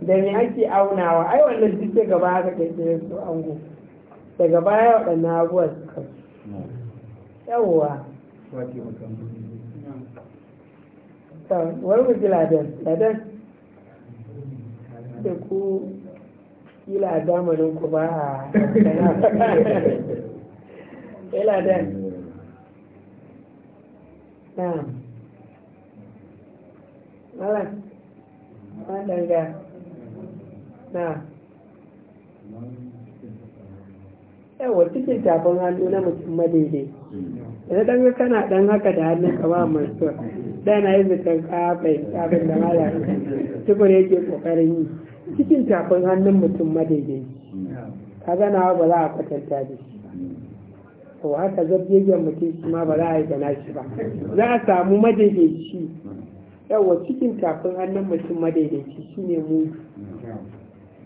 A: da ne ake aunawa ai wannan cikin gaba haka kai ce su an go daga baya waɗannan su suka yawwa wani mutu ladan ladan ce ku kila a zamanin ku ba a ila da na na wadanda na yawa cikin tafin hannu na mutum madaidai da dan kana dan haka da hannun ka ba mai da na yi zikan kafai abin da mala tukur yake kokarin yi cikin tafin hannun mutum madaidai hmm. ka gana ba za a kwatanta da shi to haka zargegen mutum shi ma ba za a yi gana shi ba za a samu madaidaici yawa cikin tafin hannun mutum madaidaici shi ne mu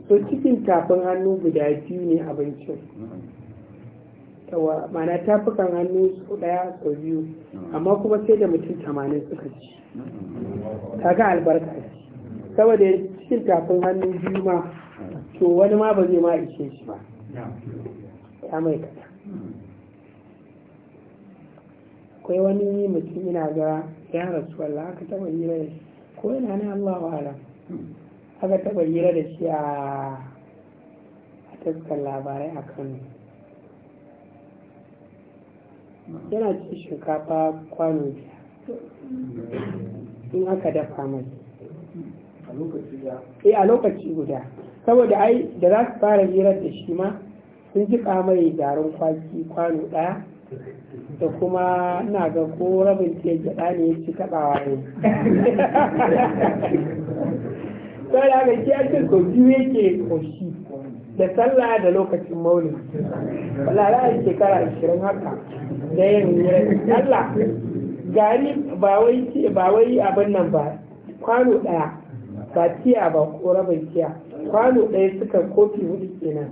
A: to cikin tafin hannu guda biyu ne abincin yawa mana tafukan hannu su daya ko biyu amma kuma sai da mutum tamanin suka ci kaga albarka ce saboda cikin tafin hannun biyu ma to wani ma ba zai ma ishe shi ba ya mai kada akwai wani mutum ina ga ya rasu Allah aka taba hira da shi ko yana ne Allah ala aka taba hira da shi a taskar labarai a kano yana cin shinkafa kwano biya in aka dafa mai Eh, a lokaci guda saboda ai da za su fara hirar da shi ma sun ji mai garin kwaki kwano ɗaya da kuma na ga ko rabin ke gyaɗa ne ya ci kaɗawa ne sau da aka ce ake ko biyu yake koshi da sallah da lokacin maulin wala a shekara ashirin haka da yin Allah gari ba wai abin nan ba kwano ɗaya ba tiya ba ko rabin tiya kwano ɗaya suka kofi hudu kenan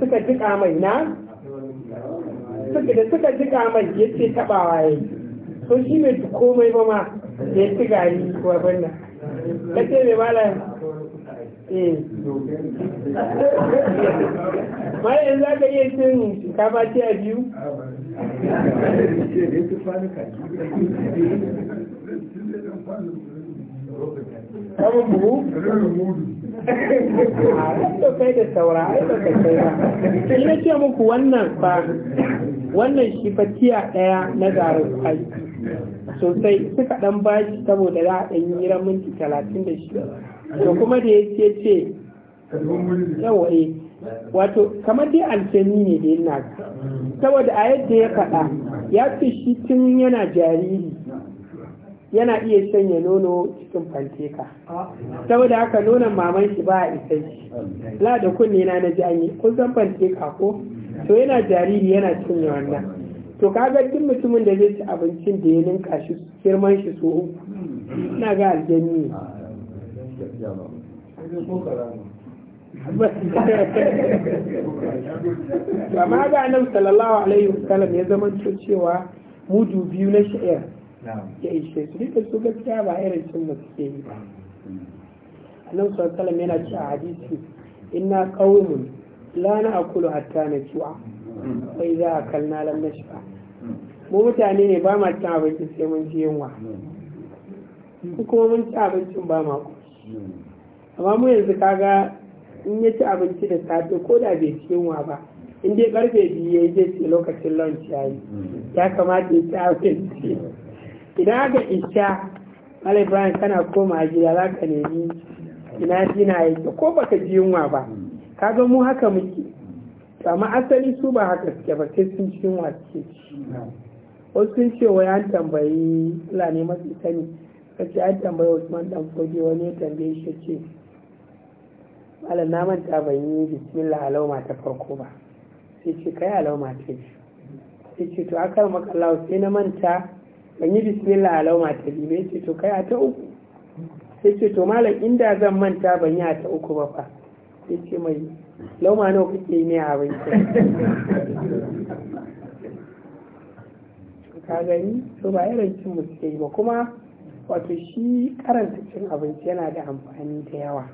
A: suka jika mai na da suka jika mai ya ce taɓawa ya yi so shi mai su komai ba ma ya ci gari kuwa banna ka ce mai mala eh mala yanzu aka iya cin shinkafa tiya biyu Sabon buhu? Rilin mudu. Da kai da saura, ai ba kai kai ba. Ina ce muku wannan fa, wannan shi fa tiya ɗaya na garin ai. Sosai suka ɗan bashi saboda za a ɗan yi minti talatin da shi. To kuma da ya ce yawa eh wato kamar dai alfani ne da yana saboda a yadda ya faɗa ya ce shi tun yana jariri yana iya sanya nono cikin fanteka saboda haka nonon maman shi ba a isa shi la kunne na na ji an kun san fanteka ko to yana jariri yana cinye wannan to kaga duk mutumin da zai ci abincin da ya ninka shi girman shi so ina ga aljanni amma ga nan sallallahu alaihi wasallam ya zama cewa mudu biyu na sha'ir ya ishe su duka su gaskiya ba irin cin masu ke yi ba annabi sallallahu alaihi yana a hadisi inna lana a kulu hatta za a idza na shi ba mu mutane ne ba ma cin abinci sai mun ji yunwa ko kuma mun ci abincin ba ma amma mu yanzu kaga in ya ci abinci da safe ko da bai ci yunwa ba in dai karfe biyu ya yi ce lokacin lunch ya yi ya kamata ya ci abinci Ina ga isha malai brian kana koma gida za ka nemi ina jina yake ko baka ji yunwa ba kaga mu haka muke amma asali su ba haka suke ba sai sun ci yunwa suke ci wasu sun ce wai an tambayi fulani masu sani ce an tambayi usman dan fodi wani ya tambaye shi ce malam na manta ban yi bismillah alauma ta farko ba sai ce kai alauma ta sai ce to akal makallahu sai na manta ban yi bismillah alauma ta biyu ne to kai a ta uku sai ce to malam inda zan manta ban yi a ta uku ba fa sai ce mai lauma nawa kuke yi ne a bai ka gani to ba irin cin mu ba kuma wato shi karanta cin abinci yana da amfani da yawa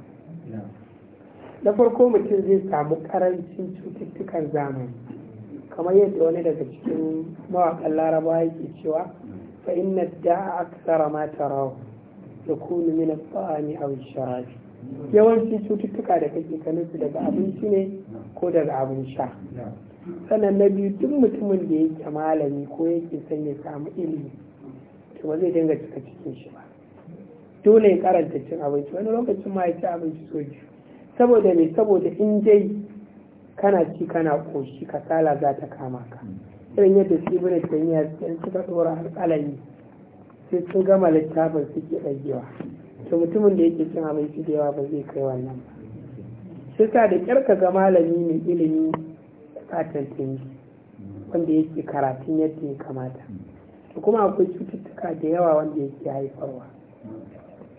A: na farko mutum zai samu karancin cututtukan zamani kamar yadda wani daga cikin mawaƙan larabawa yake cewa فإن الداء أكثر ما تراه يكون من الطعام أو الشراب yawanci cututtuka da kake ganin su daga abinci ne ko daga abin sha sannan na biyu duk mutumin da yake malami ko yake son ya samu ilimi to ba zai dinga cika cikin shi ba dole ya karanta cin abinci wani lokacin ma ya ci abinci so saboda me saboda in dai kana ci kana koshi kasala za ta kama ka irin yadda su ibn taymiya sun suka dora alƙalami sai sun gama littafin suke ɗagewa to mutumin da yake cin abinci da yawa ba zai kai wannan ba suka da ƙyarka ga malami mai ilimi katin taimaki wanda yake karatun yadda ya kamata to kuma akwai cututtuka da yawa wanda yake haifarwa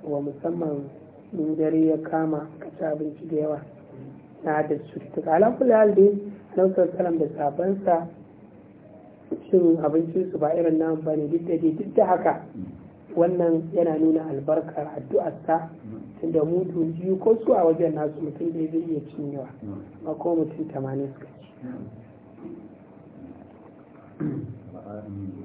A: wa musamman in dare ya kama kaci abinci da yawa na da cututtuka ala kulli hal dai annabi da sabansa shin cin su ba irin namu ba ne duk da dai duk da haka wannan yana nuna albarkar addu'arsa tunda mutu biyu ko su a wajen nasu mutum da zai iya cinyewa amma ko mutum tamanin suka ci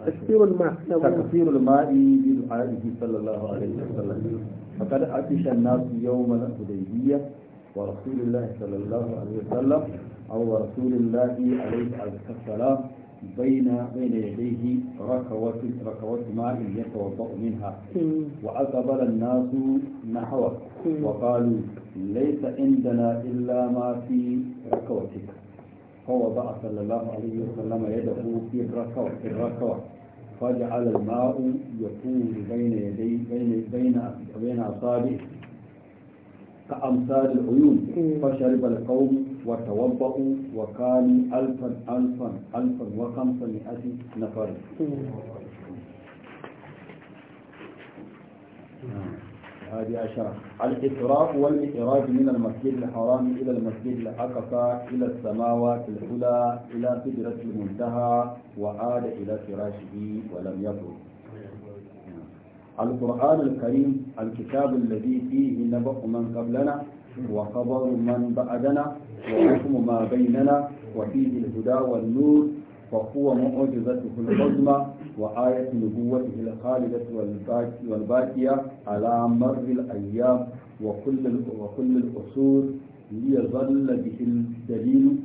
A: تكثير الماء تكثير
C: الماء بدعائه صلى الله عليه وسلم فقد عطش الناس يوم الحديبية ورسول الله صلى الله عليه وسلم أو رسول الله عليه السلام بين بين يديه ركوة ركوة ماء يتوضأ منها وأقبل الناس نحوه وقالوا ليس عندنا إلا ما في ركوتك فوضع صلى الله عليه وسلم يده في الركوة في الركوة فجعل الماء يكون بين يدي بين بين بين أصابعه كأمثال العيون فشرب القوم وتوضأوا وكانوا ألفا ألفا ألفا وخمسمائة نفر هذه عشرة الإسراف والمئراج من المسجد الحرام إلى المسجد الأقصى إلى السماوات العلى إلى سدرة المنتهى وعاد إلى فراشه ولم يبرك القرآن الكريم الكتاب الذي فيه نبأ من قبلنا وخبر من بعدنا وحكم ما بيننا وفيه الهدى والنور فهو معجزته العظمى وآية نبوته الخالدة والباقية على مر الأيام وكل وكل الأصول ليظل به الدليل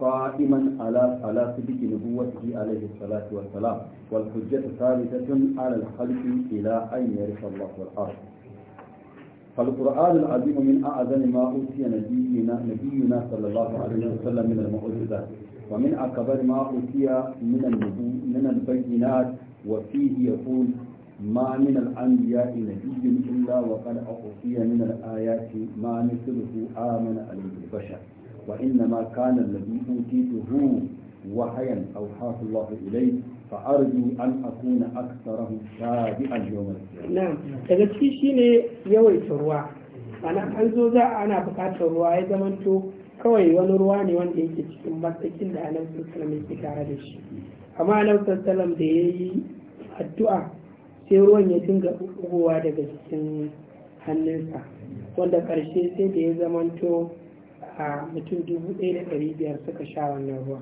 C: قائما على على صدق نبوته عليه الصلاة والسلام والحجة ثابتة على الخلق إلى أن يرث الله الأرض فالقرآن العظيم من أعظم ما أوتي نبينا نبينا صلى الله عليه وسلم من المعجزات ومن أكبر ما أوتي من من البينات وفيه يقول ما من الأنبياء نبي إلا وقد أوتي من الآيات ما مثله آمن عليه البشر وإنما كان الذي أوتيته وحيا أوحاه الله إليه فأرجو أن أكون أكثره تابعا يوم القيامة نعم
A: daga ciki shine yawaita ruwa ana an zo za ana buƙatar ruwa ya zamanto kawai wani ruwa ne wanda yake cikin matsakin da annabi sallallahu alaihi tare da shi amma annabi sallallahu alaihi da yayi addu'a sai ruwan ya dinga ugowa daga cikin hannunsa wanda karshe sai da ya zamanto a mutum dubu ɗaya da ɗari biyar suka sha wannan ruwa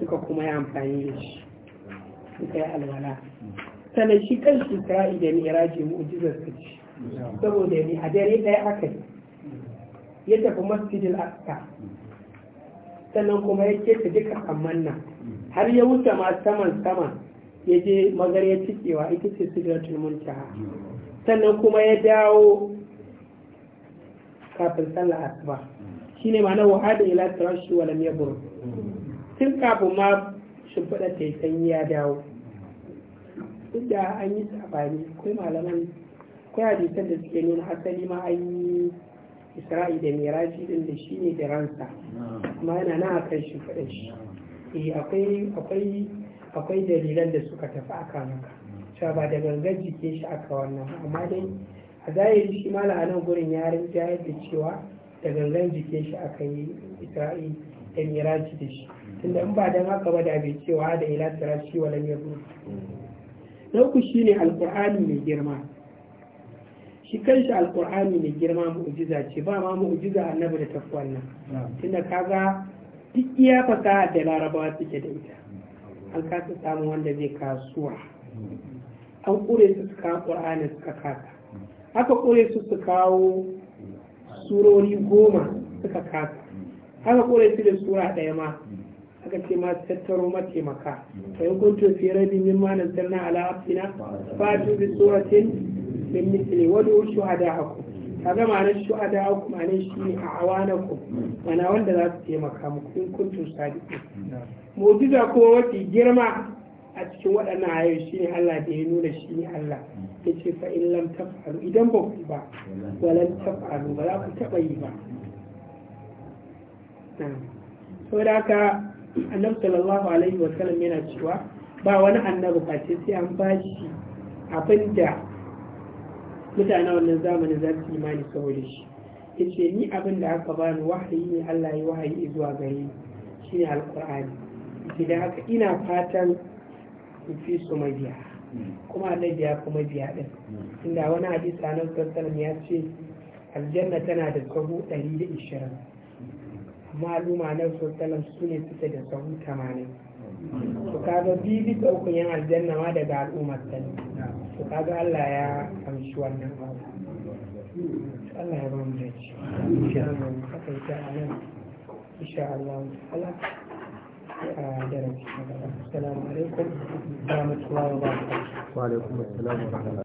A: suka kuma yi amfani da shi suka yi alwala sannan shi kan shi isra'i da mi'raji mu'jizar su saboda ni a dare ɗaya aka yi ya tafi masjidil aqsa sannan kuma ya keta duka amman nan har ya wuce ma saman sama ya je magar ya cikewa ita ce sidratul muntaha sannan kuma ya dawo kafin sallar asuba Shi shine ma'ana wahada ila tarashi wa lam yabur tun kafin ma shimfiɗa ta yi sanyi ya dawo duk da an yi sabani akwai malaman akwai hadisan da suke nuna asali ma an yi isra'i da miraji din da shi ne da ransa amma yana nan a kan shi shi eh, akwai dalilan da suka tafi aka maka cewa ba da gangan jikin shi aka wannan amma dai a zahiri shi ma gurin yarin, jayar da cewa da gangan jikin shi aka yi isra'i da miraji da shi tunda in ba don haka ba da bai cewa da ila tarashi wa lam yabur na uku ne alƙur'ani mai girma shi kanshi Alƙur'ani mai girma mu'ujiza ce ba ma mu'ujiza annabi da tafi wannan tunda kaga duk iya fasaha da larabawa suke da ita an kasa samun wanda zai kasuwa an ƙure su su kawo ƙur'ani suka kasa aka ƙure su su kawo surori goma suka kasa haka kore su da sura ɗaya ma aka ce ma tattaro mataimaka fa in kuntum fi raibin mimma nazzalna ala abdina fatu bi suratin min mithli nan shuhada'akum da haku ma ma'anar shi a ku mana wanda za su taimaka muku in kuntum sadiqin mu'jiza ko wati girma a cikin waɗannan ayoyi ne Allah da ya nuna shi ne Allah ya ce fa in lam taf'alu idan ba ku ba walan taf'alu ba za ku taba yi ba da haka annabi sallallahu alaihi wa sallam yana cewa ba wani annabi face sai an ba shi abin da mutane wannan zamanin za su imani saboda shi yace ni abin da aka bani wahayi ne Allah ya wahayi zuwa gare ni shine alqur'ani idan haka ina fatan ku fi su mabiya kuma annabi biya kuma biya din hmm. inda wani hadisi annabi sallallahu ya ce aljanna tana da sahu 120 amma al'umma nan sallallahu su ne suke da sahu 80 to kaga bibi bisa uku yan aljanna ma daga al'ummar ta ne to kaga Allah ya amshi wannan abu Allah ya ba mu dace insha Allah haka ita a nan insha Allah Allah a darasi na gaba assalamu alaikum wa rahmatullahi
B: wa barakatuh